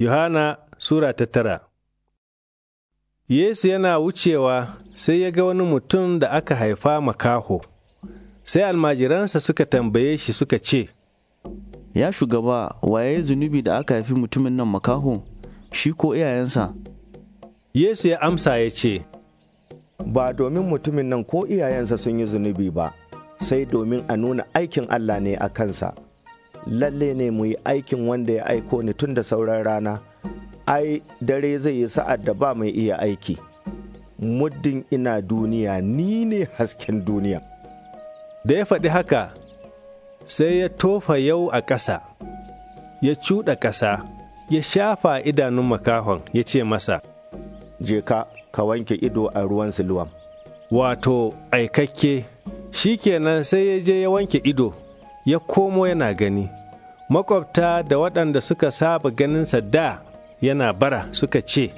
Yohana Sura ta Yesu yana wucewa sai ya ga wani mutum da aka haifa makaho, sai almajiransa suka tambaye shi suka ce, Ya shugaba, waye zunubi da aka haifi mutumin nan makaho, shi ko iyayensa? Yesu ya amsa ya ce, Ba domin mutumin nan ko iyayensa sun yi zunubi ba, sai domin a nuna aikin Allah ne a kansa. lalle ne mu yi aikin wanda ya aiko ni tun da sauran rana ai dare zai yi sa'ad da ba mai iya aiki muddin ina duniya ni ne hasken duniya da ya faɗi haka sai ya tofa yau a ƙasa ya cuɗa ƙasa ya shafa idanun makahon ya ce masa je ka ka wanke ido a ruwan siluwam wato aikakke shikenan sai ya je ya wanke ido ya komo yana gani makwabta da waɗanda suka saba ganinsa da yana bara suka ce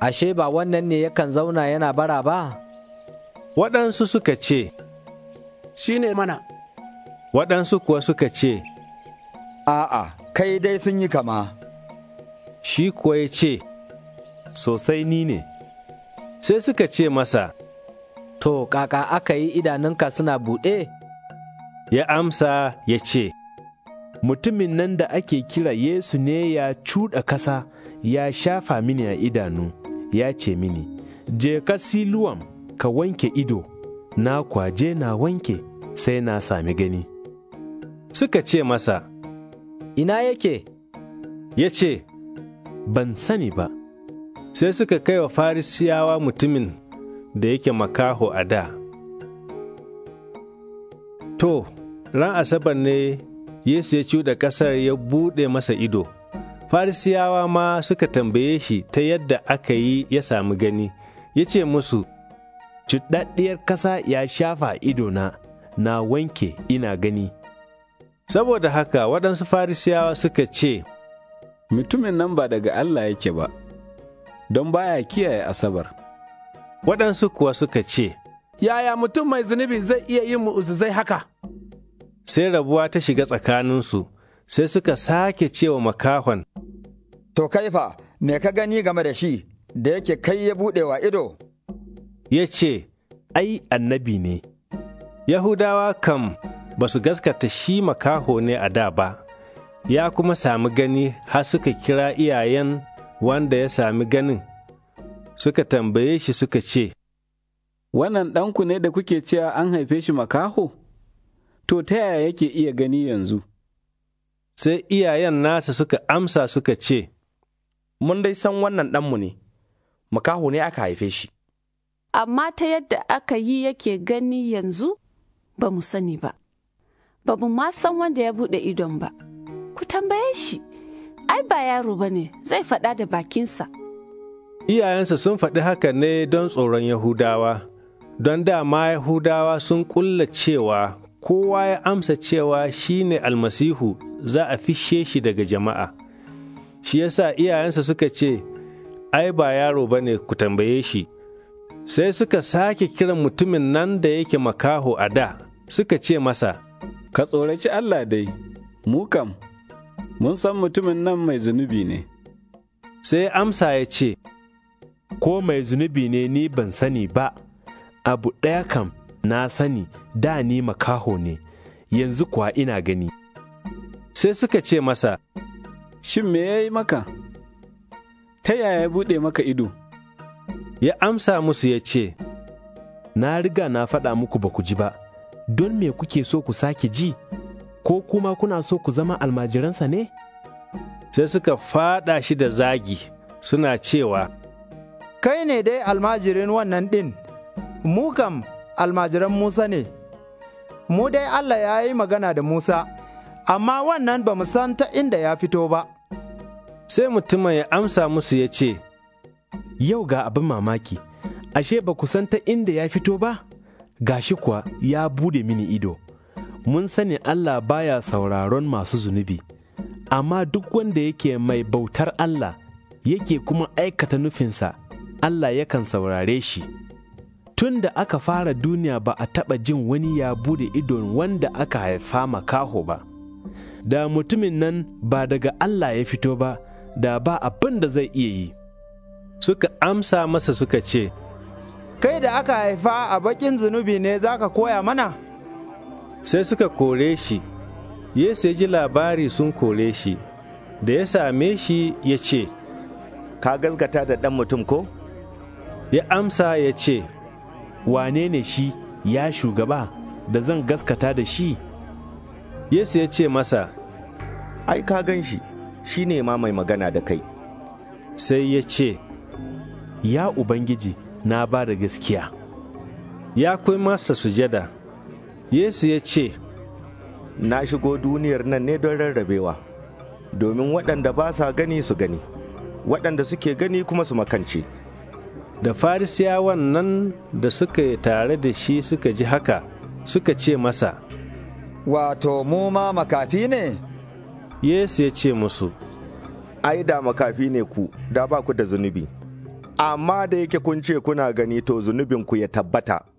ashe ba wannan ne yakan zauna yana bara ba waɗansu suka ce shi ne mana waɗansu kuwa suka ce a'a kai dai sun yi kama shi kuwa ya ce sosai ni ne sai suka ce masa to kaka aka yi idanunka suna buɗe ya amsa ya ce, Mutumin nan da ake kira Yesu ne ya cuɗa ƙasa ya shafa mini a idanu, ya ce mini, Je ka siluwam ka wanke ido, na kwaje na wanke sai na sami gani. Suka ce masa, Ina yake? Ya ce, Ban sani ba. Sai suka kai wa Farisiyawa mutumin da yake makaho a da. To, ran asabar ne Yesu ya da ƙasar ya buɗe masa ido. Farisiyawa ma suka tambaye shi ta yadda aka yi ya sami gani, ya ce musu, Cuɗaɗɗiyar ƙasa ya shafa idona, na wanke ina gani. Saboda haka waɗansu Farisiyawa suka ce, Mutumin nan ba daga Allah yake ba, don baya kiyaye Asabar. Waɗansu kuwa suka ce, Yaya mutum mai zunubi zai iya yin mu'uzuzai haka? sai rabuwa ta shiga tsakaninsu, sai suka sake cewa makahon. To kaifa, me ka gani game da shi, da yake kai ya buɗewa ido? Ya ce, Ai, annabi ne. Yahudawa kam ba su gaskata shi makaho ne a da ba, ya kuma sami gani har suka kira iyayen wanda ya sami ganin, suka tambaye shi suka ce, Wannan ɗanku ne da kuke cewa an haife shi makaho? to ta yaya yake iya gani yanzu? Sai iyayen nasa suka amsa suka ce, Mun dai san wannan ɗanmu ne, makaho ne aka haife shi. Amma ta yadda aka yi yake gani yanzu ba mu sani ba, ba mu ma san wanda ya buɗe idon ba, ku tambaye shi, ai ba yaro ba ne zai faɗa da bakinsa. Iyayensa sun faɗi haka ne don tsoron Yahudawa, don dama Yahudawa sun ƙulla cewa kowa ya amsa cewa shi ne almasihu za a fishe shi daga jama'a. Shi yasa iyayensa suka ce, Ai, ba yaro ba ne ku tambaye shi, sai suka sake kiran mutumin nan da yake makaho a da, suka ce masa, Ka tsoraci Allah dai, mu kam, mun san mutumin nan mai zunubi ne. Sai amsa ya ce, Ko mai zunubi ne ni ban sani ba, abu ɗaya kam. na sani da ni makaho ne, yanzu kuwa ina gani. Sai suka ce masa, Shin me ya yi maka? Ta yaya ya buɗe maka ido? Ya amsa musu ya ce, Na riga na faɗa muku ba ku ji ba, don me kuke so ku sake ji, ko kuma kuna so ku zama almajiransa ne? Sai suka faɗa shi da zagi, suna cewa, Kai ne dai almajirin wannan ɗin, mu almajiran Musa ne, mu dai Allah ya yi magana da Musa, amma wannan ba mu san ta inda ya fito ba. Sai mutumin ya amsa musu ya ce, Yau ga abin mamaki, ashe ba ku san ta inda ya fito ba? Gashi kuwa ya bude mini ido. Mun sani Allah baya sauraron masu zunubi, amma duk wanda yake mai bautar Allah yake kuma aikata nufinsa, Allah yakan saurare shi. tun da aka fara duniya ba a taɓa jin wani ya bude idon wanda aka haifa makaho ba da mutumin nan ba daga Allah ya fito ba da ba abin da zai iya yi suka amsa masa suka ce kai da aka haifa a bakin zunubi ne za ka koya mana sai suka kore shi yesu ya ji labari sun kore shi da ya same shi ya ce ka gaskata da ɗan mutum ko ya amsa ya ce wane ne shi ya shugaba da zan gaskata da shi yesu ya ce masa ai ka gan shi shi ne ma mai magana da kai sai ya ce ya ubangiji na ba da gaskiya ya kai masa sujada yesu ya ce na shigo duniyar nan ne don rarrabewa domin waɗanda ba sa gani su gani waɗanda suke gani kuma su makance. da farisiyawan nan da suka tare da shi suka ji haka suka ce masa wato mu ma makafi ne yesu ya ce musu ai da makafi ne ku da ba ku da zunubi amma da yake kun ce kuna gani to zunubinku ya tabbata